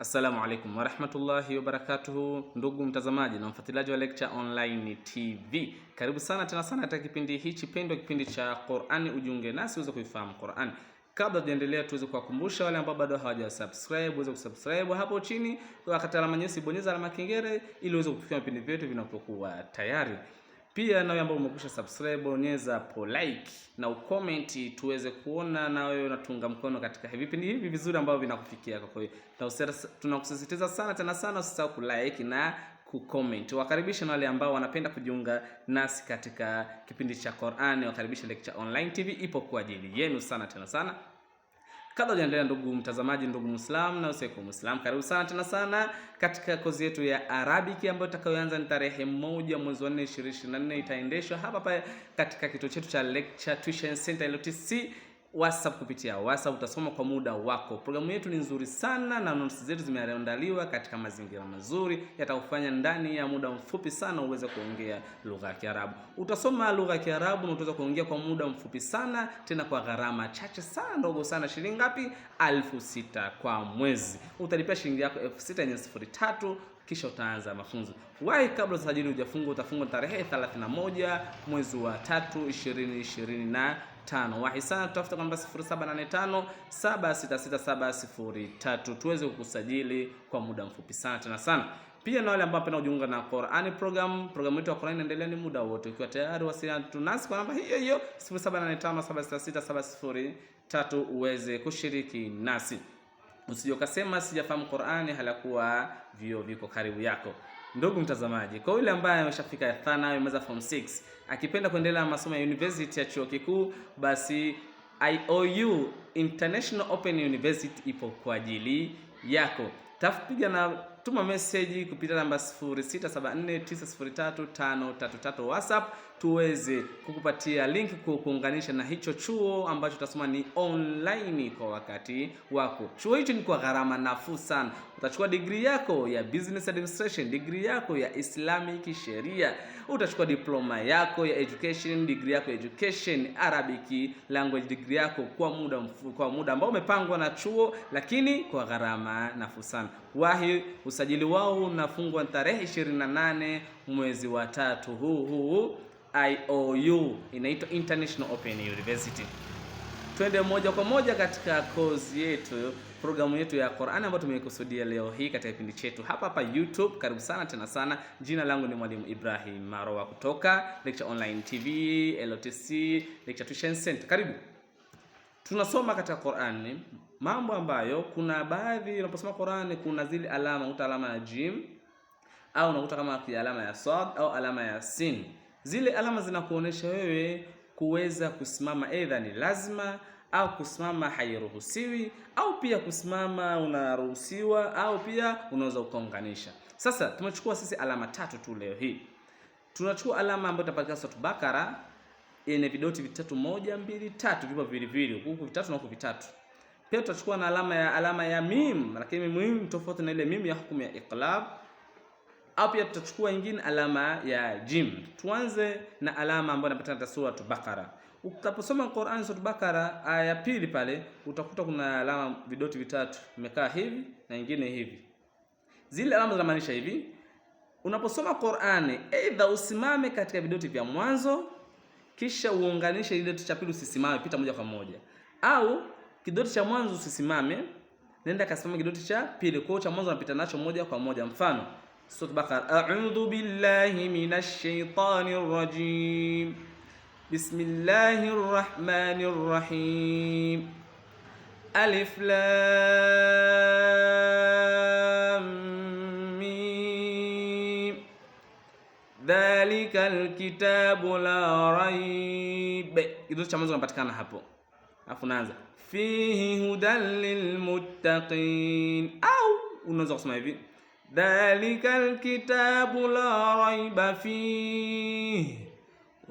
Assalamu alaikum warahmatullahi wabarakatuhu, ndugu mtazamaji na mfuatiliaji wa Lecture Online TV, karibu sana tena sana katika kipindi hichi pendwa, kipindi cha Qur'ani. Ujiunge nasi uweze kuifahamu Qur'ani. Kabla tujaendelea, tuweze kuwakumbusha wale ambao bado hawaja subscribe uweze kusubscribe hapo chini, wakati alama nyeusi bonyeza alama kengele ili uweze kufikia vipindi vyetu vinapokuwa tayari. Pia nawe ambao umekwisha subscribe, bonyeza po like na ucomment tuweze kuona na wewe unatunga mkono katika vipindi hivi vizuri ambavyo vinakufikia. Kwa hiyo tunakusisitiza sana tena sana, usisahau ku like na kucomment. Wakaribisha na wale ambao wanapenda kujiunga nasi katika kipindi cha Qur'ani, wakaribisha Lecture Online TV ipo kwa ajili yenu sana tena sana. Kabla hujaendelea, ndugu mtazamaji, ndugu Muislam na usiku Muislam, karibu sana tena sana katika kozi yetu ya arabiki ambayo itakayoanza ni tarehe moja mwezi wa 4 2024, itaendeshwa hapa pale katika kituo chetu cha Lecture Tuition Center LTC WhatsApp kupitia WhatsApp utasoma kwa muda wako. Programu yetu ni nzuri sana na notes zetu zimeandaliwa katika mazingira mazuri yatakufanya ndani ya muda mfupi sana uweze kuongea lugha ya Kiarabu. Utasoma lugha ya Kiarabu na utaweza kuongea kwa muda mfupi sana tena kwa gharama chache sana ndogo sana shilingi ngapi? Elfu sita kwa mwezi. Utalipia shilingi yako elfu sita yenye sifuri tatu kisha utaanza mafunzo. Wahi kabla usajili hujafunga, utafunga tarehe 31 mwezi wa 3 2024 tano. Wahisani tutafuta kwa kwamba 0785 76670 tuweze kukusajili kwa muda mfupi sana tena sana pia na wale ambao wanapenda kujiunga na Qur'an program, programu yetu ya Qur'an inaendelea ni muda wote. Ukiwa tayari wasiliana tunasi kwa namba hiyo hiyo 0785766703 uweze kushiriki nasi. Usije ukasema sijafahamu Qur'ani halakuwa vio viko karibu yako. Ndugu mtazamaji, kwa yule ambaye ameshafika thana amemaliza form 6 akipenda kuendelea masomo ya university ya chuo kikuu, basi IOU International Open University ipo kwa ajili yako. Tafupiga na tuma meseji kupitia namba 0674903533 WhatsApp tuweze kukupatia link kuunganisha na hicho chuo ambacho utasoma ni online kwa wakati wako. Chuo hicho ni kwa gharama nafuu sana. Utachukua degree yako ya business administration, degree yako ya Islamic sheria, utachukua diploma yako ya education, degree yako ya education Arabic language, degree yako kwa muda mfu, kwa muda ambao umepangwa na chuo, lakini kwa gharama nafuu sana. Wahi Usajili wao unafungwa tarehe 28 mwezi wa tatu huu huu. IOU inaitwa International Open University. Twende moja kwa moja katika kozi yetu, programu yetu ya Qur'an ambayo tumeikusudia leo hii katika kipindi chetu hapa hapa YouTube. Karibu sana tena sana. Jina langu ni Mwalimu Ibrahim Marowa kutoka Lecture Online TV, LOTC Lecture Tuition Center. Karibu tunasoma katika Qur'ani mambo ambayo kuna baadhi, unaposoma Qur'ani kuna zile alama, unakuta alama ya jim au unakuta kama alama ya sad au alama ya sin. Zile alama zinakuonesha wewe kuweza kusimama, aidha ni lazima au kusimama hairuhusiwi, au pia kusimama unaruhusiwa, au pia unaweza ukaunganisha. Sasa tumechukua sisi alama tatu tu leo hii, tunachukua alama ambayo itapatikana sura Bakara yenye vidoti vitatu, moja, mbili, tatu, vipo vilivili huku vitatu na huku vitatu. Pia tutachukua na alama ya alama ya mim, lakini mim tofauti na ile mim ya hukumu ya iqlab. Au pia tutachukua nyingine alama ya jim. Tuanze na alama ambayo inapatikana katika sura Bakara. Ukaposoma Qur'an sura Bakara aya ya pili pale utakuta kuna alama vidoti vitatu imekaa hivi na nyingine hivi. Zile alama zinamaanisha hivi. Unaposoma Qur'ani, aidha usimame katika vidoti vya mwanzo kisha uunganishe ile kidoti cha pili usisimame, pita moja kwa moja, au kidoti cha mwanzo usisimame, nenda kasimame kidoti cha pili. Kwa hiyo cha mwanzo unapita nacho moja kwa moja. Mfano Sura Bakara, a'udhu billahi minash shaitani rajim bismillahir rahmanir rahim alif lam dhalika alkitabu la raib. Kidosi cha mwanzo kinapatikana hapo, alafu naanza fihi hudan lilmuttaqin, au unaweza kusema hivi dhalikal kitabu la raiba fihi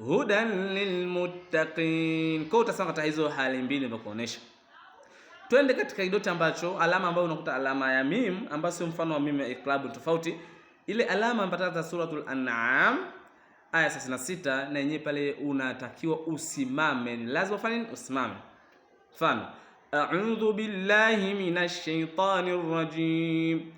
hudan lilmuttaqin. Kwa utasema katika hizo hali mbili nilivyokuonesha. Twende katika kidoti ambacho alama ambayo unakuta alama ya mim ambayo sio mfano wa mim ya iklabu tofauti ile alama ambatata Suratul An'am aya 66, na yenyewe pale unatakiwa usimame, ni lazima ufanye usimame. Mfano, a'udhu billahi minash shaitanir rajim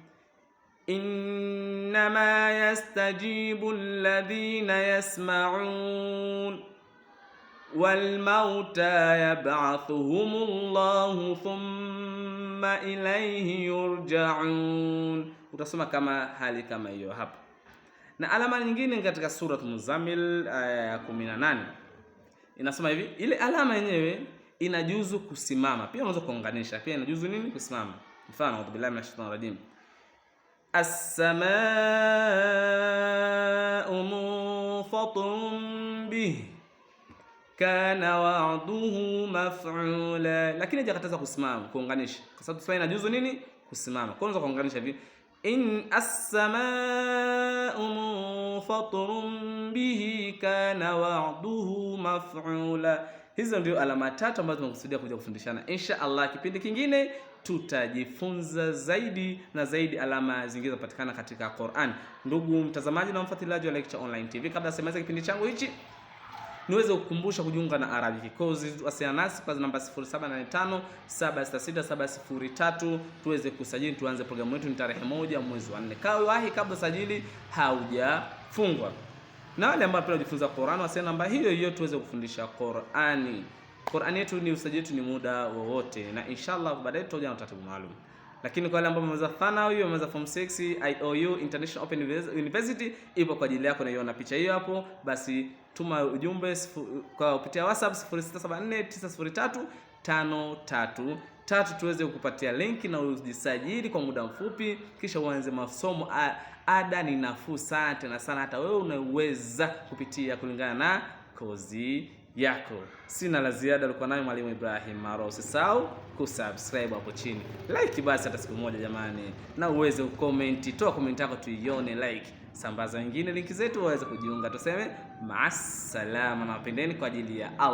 innama yastajibu alladhina yasma'un walmauta yabathuhumullahu thumma ilaihi yurjaun. Utasoma kama hali kama hiyo hapa, na alama nyingine katika Surat Muzammil aya ya 18 inasema hivi, ile alama yenyewe inajuzu kusimama pia, unaweza kuunganisha pia, inajuzu nini? Kusimama. Mfano, audhu billahi minash shaitani rajim, as-samaa'u munfatirun bihi kana wa'duhu maf'ula, lakini hajakataza kusimama kuunganisha, kwa sababu sasa inajuzu nini kusimama. Kwa nini kuunganisha hivi? in as-samaa'u munfatirun bihi kana wa'duhu maf'ula. Hizo ndio alama tatu ambazo tumekusudia kuja kufundishana insha Allah. Kipindi kingine tutajifunza zaidi na zaidi alama zinapatikana katika Qur'an. Ndugu mtazamaji na mfuatiliaji wa Lecture Online TV, kabla semaza kipindi changu hichi niweze kukumbusha kujiunga na Arabic course. Wasiliana nasi kwa namba 0785 tuweze kusajili, tuanze programu yetu. Ni tarehe moja mwezi wa 4. Kawe wahi kabla sajili haujafungwa. Na wale ambao wanapenda kujifunza Qur'an, wasiliana namba hiyo hiyo tuweze kufundisha Qur'ani. Qur'ani yetu ni usajili wetu ni muda wowote, na inshallah baadaye tutaja na utaratibu maalum lakini kwa wale ambao wamemaliza Thanawi, wamemaliza form 6, IOU International Open University ipo kwa ajili yako, naiona picha hiyo hapo. Basi tuma ujumbe kwa kupitia WhatsApp 0674903533 tatu tuweze kukupatia linki na ujisajili kwa muda mfupi, kisha uanze masomo. Ada ni nafuu sana tena sana, hata wewe unaweza kupitia kulingana na kozi yako. Sina la ziada, alikuwa nayo mwalimu Ibrahim Maro. Usisahau kusubscribe hapo chini, like basi hata siku moja jamani, na uweze ukomenti, toa comment yako tuione, like sambaza wengine linki zetu waweze kujiunga. Tuseme maasalama na wapendeni kwa ajili ya Allah.